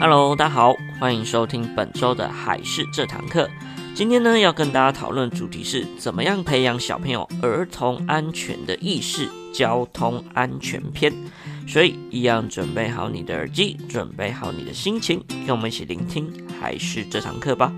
Hello，大家好，歡迎收聽本周的《海事這堂課》。今天呢，要跟大家討論主題是怎麼樣培養小朋友兒童安全的意識，交通安全篇。所以，一樣準備好你的耳機，準備好你的心情，跟我們一起聆聽《海事這堂課》吧。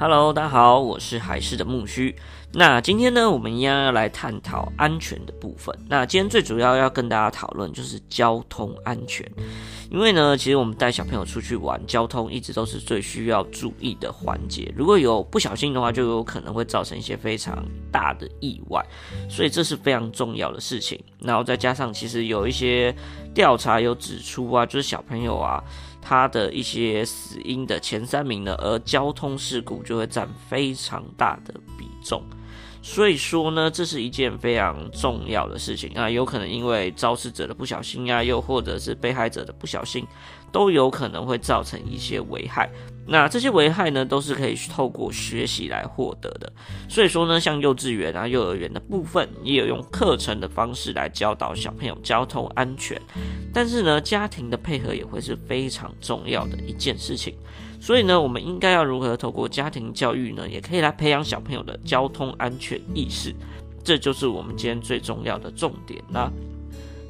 Hello，大家好，我是海市的木須。那今天呢，我們一樣要來探討安全的部分。那今天最主要要跟大家討論就是交通安全，因為呢，其實我們帶小朋友出去玩，交通一直都是最需要注意的環節。如果有不小心的話，就有可能會造成一些非常大的意外，所以這是非常重要的事情。然後再加上，其實有一些，調查有指出啊，就是小朋友啊，他的一些死因的前三名呢，而交通事故就會佔非常大的比重，所以說呢，這是一件非常重要的事情啊，有可能因為肇事者的不小心啊，又或者是被害者的不小心。都有可能會造成一些危害，那這些危害呢，都是可以透過學習來獲得的。所以說呢，像幼稚園啊、幼兒園的部分，也有用課程的方式來教導小朋友交通安全。但是呢，家庭的配合也會是非常重要的一件事情。所以呢，我們應該要如何透過家庭教育呢，也可以來培養小朋友的交通安全意識。這就是我們今天最重要的重點啦，那。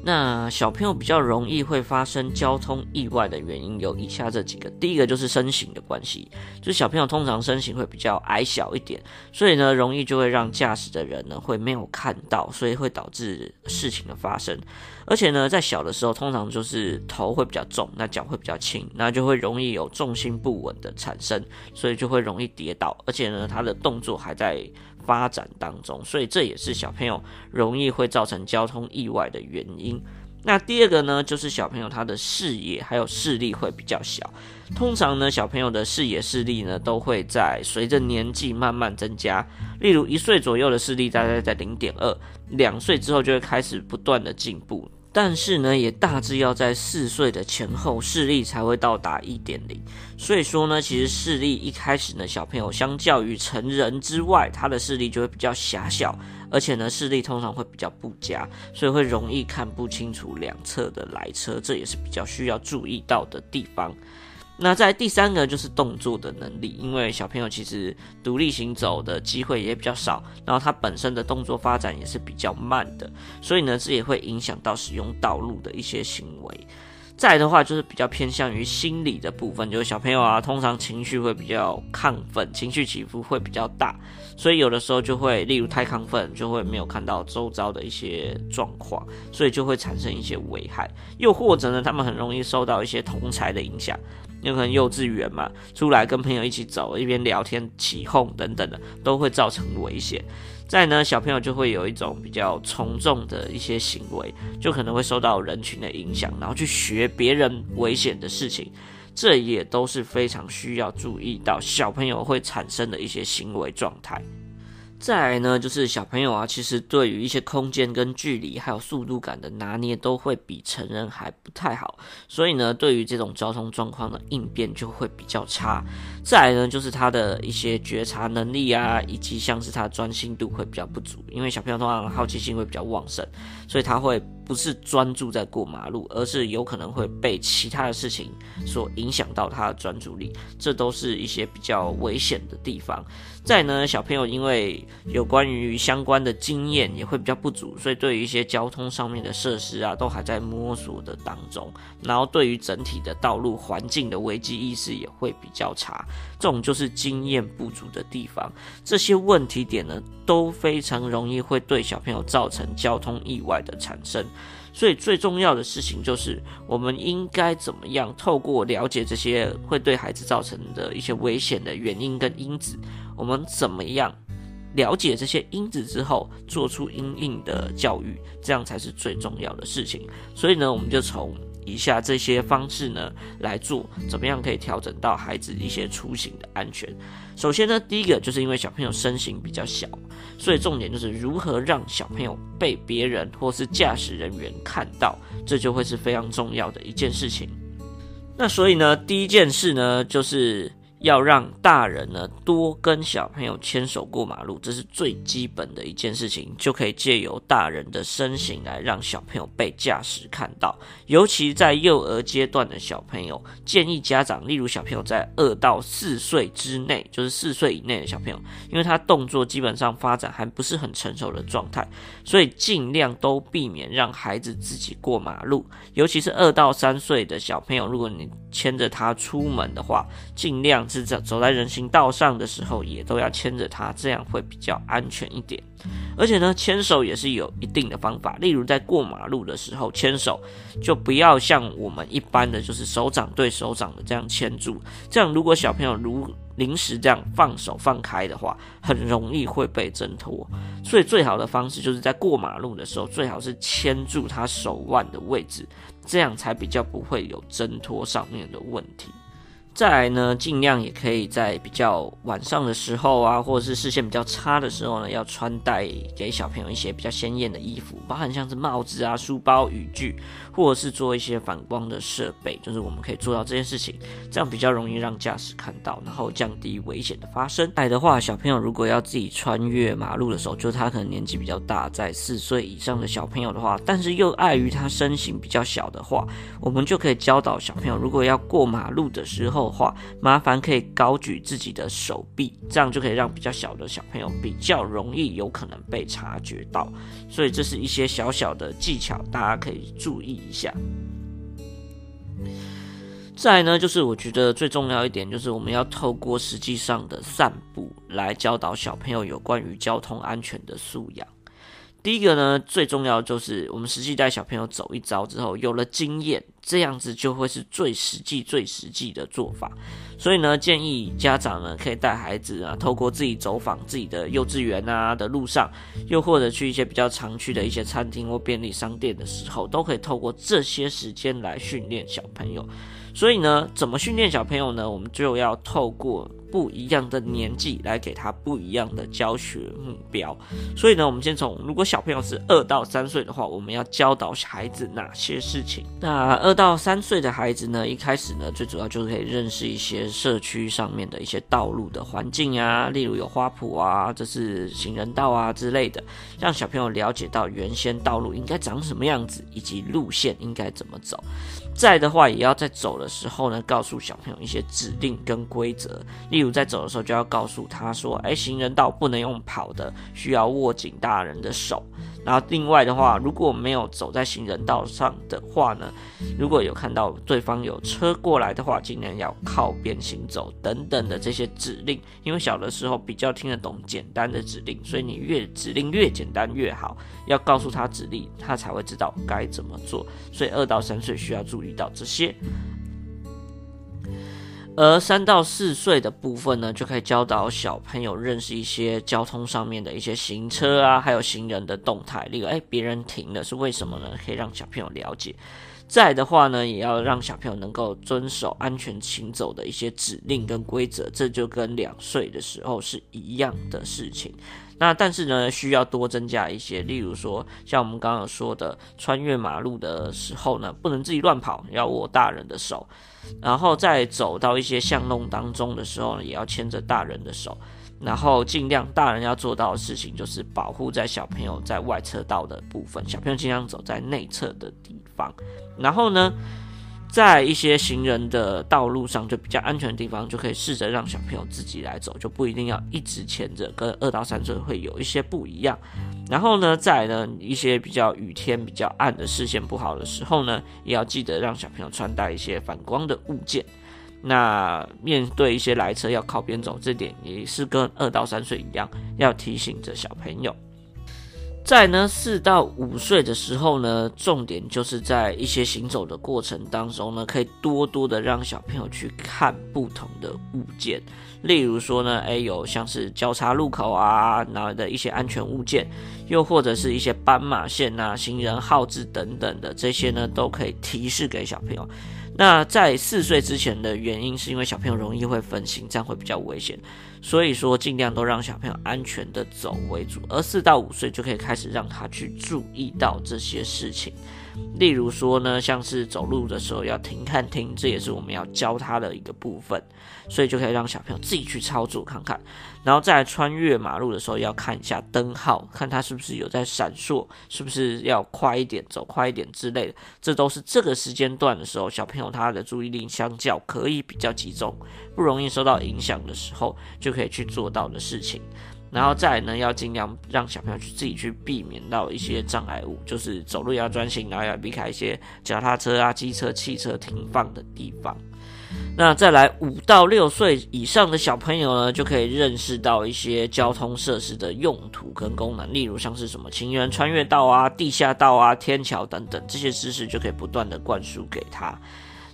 那小朋友比較容易會發生交通意外的原因有以下這幾個，第一個就是身形的關係，就是小朋友通常身形會比較矮小一點，所以呢，容易就會讓駕駛的人呢會沒有看到，所以會導致事情的發生。而且呢，在小的時候通常就是頭會比較重，那腳會比較輕，那就會容易有重心不穩的產生，所以就會容易跌倒。而且呢，他的動作還在。發展當中，所以這也是小朋友容易會造成交通意外的原因。那第二個呢，就是小朋友他的視野還有視力會比較小。通常呢，小朋友的視野視力呢都會在隨着年紀慢慢增加。例如，一歲左右的視力大概在零點二，兩歲之後就會開始不斷的進步。但是呢，也大致要在四歲的前後，視力才會到達一點零。所以說呢，其實視力一開始呢，小朋友相較於成人之外，他的視力就會比較狹小，而且呢，視力通常會比較不佳，所以會容易看不清楚兩側的來車，這也是比較需要注意到的地方。那再來第三個就是動作的能力，因為小朋友其實獨立行走的機會也比較少，然後他本身的動作發展也是比較慢的，所以呢，這也會影響到使用道路的一些行為。再的話就是比較偏向於心理的部分，就是小朋友啊，通常情緒會比較亢奮，情緒起伏會比較大，所以有的時候就會，例如太亢奮，就會沒有看到周遭的一些狀況，所以就會產生一些危害。又或者呢，他們很容易受到一些同儕的影響，有可能幼稚園嘛，出來跟朋友一起走，一邊聊天、起哄等等的，都會造成危險。再呢，小朋友就會有一種比較從眾的一些行為，就可能會受到人群的影響，然後去學別人危險的事情，這也都是非常需要注意到小朋友會產生的一些行為狀態。再來呢，就是小朋友啊，其實對於一些空間跟距離，還有速度感的拿捏，都會比成人還不太好。所以呢，對於這種交通狀況的應變就會比較差。再來呢，就是他的一些覺察能力啊，以及像是他專心度會比較不足，因為小朋友通常好奇心會比較旺盛，所以他會。不是專注在過馬路，而是有可能會被其他的事情所影響到他的專注力，這都是一些比較危險的地方。再呢，小朋友因為有關於相關的經驗也會比較不足，所以對於一些交通上面的設施啊，都還在摸索的當中。然後對於整體的道路環境的危機意識也會比較差，這種就是經驗不足的地方。這些問題點呢，都非常容易會對小朋友造成交通意外的產生。最最重要的事情就是，我們應該怎麼樣透過了解這些會對孩子造成的一些危險的原因跟因子，我們怎麼樣了解這些因子之後，做出因應的教育，這樣才是最重要的事情。所以呢，我們就從。以下這些方式呢來做，怎麼樣可以調整到孩子一些出行的安全？首先呢，第一個就是因為小朋友身形比較小，所以重點就是如何讓小朋友被別人，或是駕駛人員看到，這就會是非常重要的一件事情。那所以呢，第一件事呢就是。要讓大人呢多跟小朋友牽手過馬路，這是最基本的一件事情，就可以借由大人的身形來讓小朋友被駕駛看到。尤其在幼兒階段的小朋友，建議家長，例如小朋友在二到四歲之內，就是四歲以內的小朋友，因為他動作基本上發展還不是很成熟的狀態，所以盡量都避免讓孩子自己過馬路，尤其是二到三歲的小朋友，如果你牽着他出門的話，盡量是在走在人行道上的時候，也都要牽着他，這樣會比較安全一點。而且呢，牽手也是有一定的方法，例如在過馬路的時候，牽手就不要像我們一般的就是手掌對手掌的這樣牽住，這樣如果小朋友如臨時這樣放手放開的話，很容易會被掙脫。所以最好的方式就是在過馬路的時候，最好是牽住他手腕的位置。這樣才比較不會有掙脫上面的問題。再來呢，儘量也可以在比較晚上的時候啊，或者是視線比較差的時候呢，要穿戴給小朋友一些比較鮮豔的衣服，包含像是帽子啊、書包、雨具，或者是做一些反光的設備，就是我們可以做到這件事情，這樣比較容易讓駕駛看到，然後降低危險的發生。再來的話，小朋友如果要自己穿越馬路的時候，就他可能年紀比較大，在四歲以上的小朋友的話，但是又礙於他身形比較小的話，我們就可以教導小朋友，如果要過馬路的時候。話麻煩可以高舉自己的手臂，這樣就可以讓比較小的小朋友比較容易有可能被察覺到。所以這是一些小小的技巧，大家可以注意一下。再來呢，就是我覺得最重要一點，就是我們要透過實際上的散步來教導小朋友有關於交通安全的素養。第一個呢，最重要的就是我們實際帶小朋友走一遭之後，有了經驗，這樣子就會是最實際、最實際的做法。所以呢，建議家長呢可以帶孩子啊，透過自己走訪自己的幼稚園啊的路上，又或者去一些比較常去的一些餐廳或便利商店的時候，都可以透過這些時間來訓練小朋友。所以呢，怎麼訓練小朋友呢？我們就要透過。不一樣的年紀，來給他不一樣的教學目標，所以呢，我們先從如果小朋友是二到三歲的話，我們要教導孩子哪些事情？那二到三歲的孩子呢，一開始呢，最主要就是可以認識一些社區上面的一些道路的環境啊，例如有花圃啊，這是行人道啊之類的，讓小朋友了解到原先道路應該長什麼樣子，以及路線應該怎麼走。再的話，也要在走的時候呢，告訴小朋友一些指令跟規則。例如在走的時候就要告訴他說：“誒，行人道不能用跑的，需要握緊大人的手。”然後另外的話，如果沒有走在行人道上的話呢，如果有看到對方有車過來的話，盡量要靠邊行走等等的這些指令。因為小的時候比較聽得懂簡單的指令，所以你越指令越簡單越好，要告訴他指令，他才會知道該怎麼做。所以二到三歲需要注意到這些。而三到四歲的部分呢，就可以教導小朋友認識一些交通上面的一些行車啊，還有行人的動態。例如，哎、欸，別人停了是為什麼呢？可以讓小朋友了解。再的話呢，也要讓小朋友能夠遵守安全行走的一些指令跟規則，這就跟兩歲的時候是一樣的事情。那但是呢，需要多增加一些，例如說像我們剛剛有說的，穿越馬路的時候呢，不能自己亂跑，要握大人的手；然後再走到一些巷弄當中的時候呢，也要牽着大人的手。然後盡量大人要做到的事情就是保護在小朋友在外側道的部分，小朋友盡量走在內側的地方。然後呢，在一些行人的道路上就比較安全的地方，就可以試着讓小朋友自己來走，就不一定要一直牽着，跟二到三歲會有一些不一樣。然後呢，在呢一些比較雨天、比較暗的視線不好的時候呢，也要記得讓小朋友穿戴一些反光的物件。那面對一些來車要靠邊走，這點也是跟二到三歲一樣，要提醒着小朋友。在呢，四到五歲的時候呢，重點就是在一些行走的過程當中呢，可以多多的讓小朋友去看不同的物件，例如說呢，誒，有像是交叉路口啊，然後的一些安全物件，又或者是一些斑馬線啊、行人號志等等的，這些呢都可以提示給小朋友。那在四歲之前的原因，是因為小朋友容易會分心，這樣會比較危險，所以說盡量都讓小朋友安全的走為主，而四到五歲就可以開始讓他去注意到這些事情。例如說呢，像是走路的時候要停看聽，這也是我們要教他的一個部分，所以就可以讓小朋友自己去操作看看，然後再來穿越馬路的時候要看一下燈號，看他是不是有在閃爍，是不是要快一點走快一點之類的，這都是這個時間段的時候，小朋友他的注意力相較可以比較集中，不容易受到影響的時候，就可以去做到的事情。然後再來呢，要盡量讓小朋友去自己去避免到一些障礙物，就是走路要專心，然後要避開一些腳踏車啊、機車、汽車停放的地方。那再來，五到六歲以上的小朋友呢，就可以認識到一些交通設施的用途跟功能，例如像是什麼行人穿越道啊、地下道啊、天橋等等，這些知識就可以不斷的灌輸給他。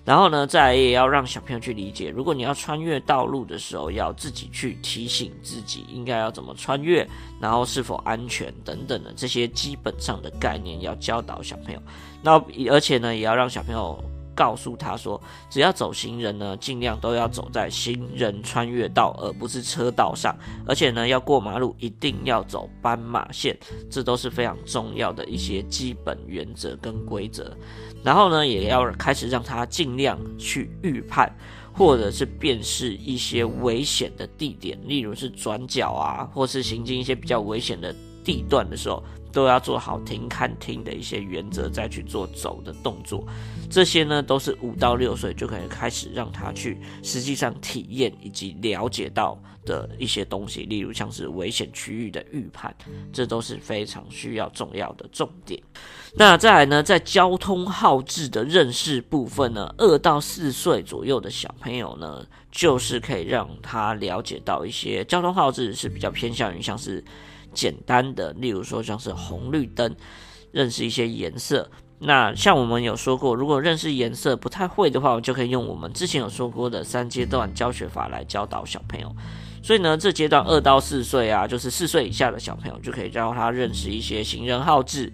然後呢，再來也要讓小朋友去理解，如果你要穿越道路的時候，要自己去提醒自己應該要怎麼穿越，然後是否安全等等的這些基本上的概念要教導小朋友。那而且呢，也要讓小朋友。告訴他說，只要走行人呢，盡量都要走在行人穿越道，而不是車道上。而且呢，要過馬路一定要走斑馬線，這都是非常重要的一些基本原則跟規則。然後呢，也要開始讓他盡量去預判，或者是辨識一些危險的地點，例如是轉角啊，或是行經一些比較危險的地段的時候。都要做好停、看、聽的一些原則，再去做走的動作。這些呢，都是五到六歲就可以開始讓他去實際上體驗以及了解到的一些東西，例如像是危險區域的預判，這都是非常需要重要的重點。那再來呢，在交通號志的認識部分呢，二到四歲左右的小朋友呢，就是可以讓他了解到一些交通號志是比較偏向於像是。簡單的，例如說像是紅綠燈，認識一些顏色。那像我們有說過，如果認識顏色不太會的話，我們就可以用我們之前有說過的三階段教學法來教導小朋友。所以呢，這階段二到四歲啊，就是四歲以下的小朋友，就可以教他認識一些行人號志，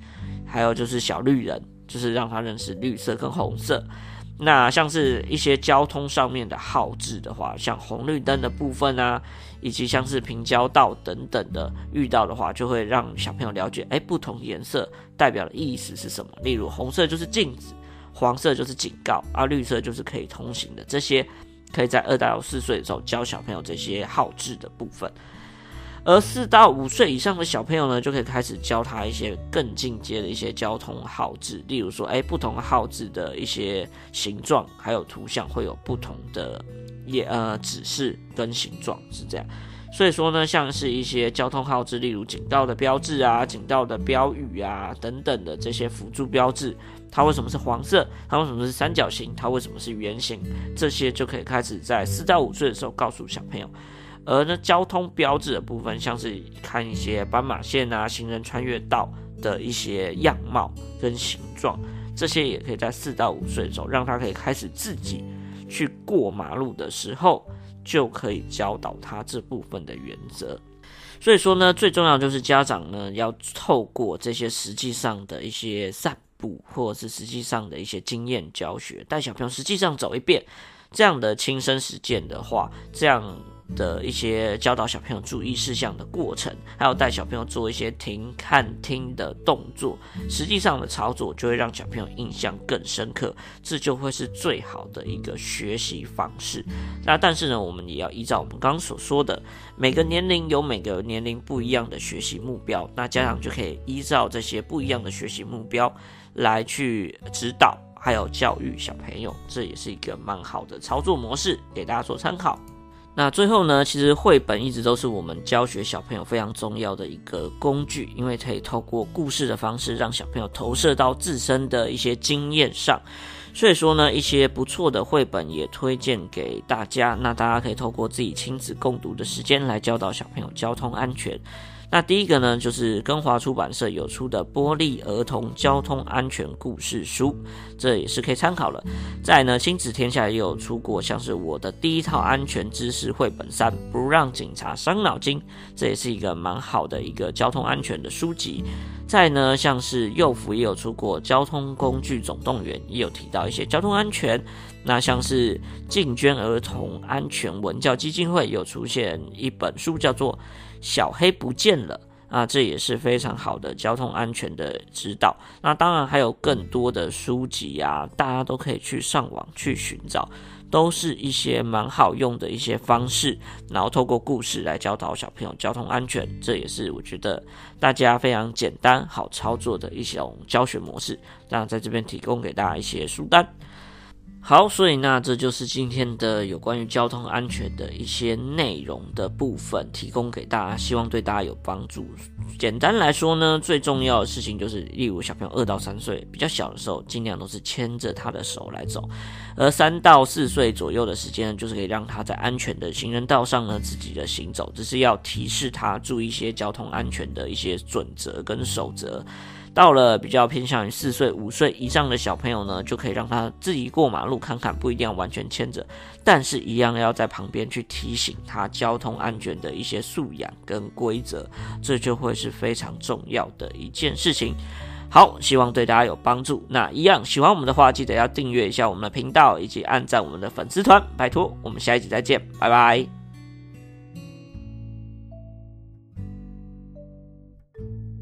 還有就是小綠人，就是讓他認識綠色跟紅色。那像是一些交通上面的號誌的話，像紅綠燈的部分啊，以及像是平交道等等的，遇到的話就會讓小朋友了解，哎，不同顏色代表的意思是什麼？例如，紅色就是禁止，黃色就是警告，啊，綠色就是可以通行的。這些可以在二到四歲的時候教小朋友這些號誌的部分。而四到五歲以上的小朋友呢，就可以開始教他一些更進階的一些交通號志，例如說，哎、欸，不同號志的一些形狀，還有圖像會有不同的，也呃，指示跟形狀是這樣。所以說呢，像是一些交通號志，例如警告的標誌啊、警告的標語啊等等的這些輔助標誌，它為什麼是黃色？它為什麼是三角形？它為什麼是圓形？這些就可以開始在四到五歲的時候告訴小朋友。而呢，交通標誌的部分，像是看一些斑馬線啊、行人穿越道的一些樣貌跟形狀，這些也可以在四到五歲的時候，讓他可以開始自己去過馬路的時候，就可以教導他這部分的原則。所以說呢，最重要就是家長呢要透過這些實際上的一些散步，或者是實際上的一些經驗教學，帶小朋友實際上走一遍，這樣的親身實踐的話，這樣。的一些教導小朋友注意事項的過程，還有帶小朋友做一些停看聽的動作，實際上的操作就會讓小朋友印象更深刻，這就會是最好的一個學習方式。那但是呢，我們也要依照我們剛剛所說的，每個年齡有每個年齡不一樣的學習目標，那家長就可以依照這些不一樣的學習目標來去指導，還有教育小朋友，這也是一個蠻好的操作模式，給大家做參考。那最後呢，其實繪本一直都是我們教學小朋友非常重要的一個工具，因為可以透過故事的方式讓小朋友投射到自身的一些經驗上。所以說呢，一些不錯的繪本也推薦給大家。那大家可以透過自己親子共讀的時間來教導小朋友交通安全。那第一個呢，就是耕華出版社有出的《波利兒童交通安全故事書》，這也是可以參考了。再來呢，親子天下也有出過，像是我的第一套安全知識繪本三——不讓警察傷腦筋，這也是一個蠻好的一個交通安全的書籍。在呢，像是幼福也有出過《交通工具總動員》，也有提到一些交通安全。那像是靖娟兒童安全文教基金會也有出現一本書，叫做《小黑不見了》啊，那這也是非常好的交通安全的指導。那當然還有更多的書籍啊，大家都可以去上網去尋找。都是一些蠻好用的一些方式，然後透過故事來教導小朋友交通安全，這也是我覺得大家非常簡單好操作的一種教學模式。那在這邊提供給大家一些書單。好，所以那這就是今天的有關於交通安全的一些內容的部分，提供給大家，希望對大家有幫助。簡單來說呢，最重要的事情就是，例如小朋友二到三歲比較小的時候，儘量都是牽着他的手來走；而三到四歲左右的時間，就是可以讓他在安全的行人道上呢，自己的行走，只是要提示他注意一些交通安全的一些準則跟守則。到了比較偏向於四歲、五歲以上的小朋友呢，就可以讓他自己過馬路看看，不一定要完全牽着，但是一樣要在旁邊去提醒他交通安全的一些素養跟規則，這就會是非常重要的一件事情。好，希望對大家有幫助。那一樣喜歡我們的話，記得要訂閱一下我們的頻道以及按讚我們的粉絲團，拜託。我們下一集，再見，拜拜。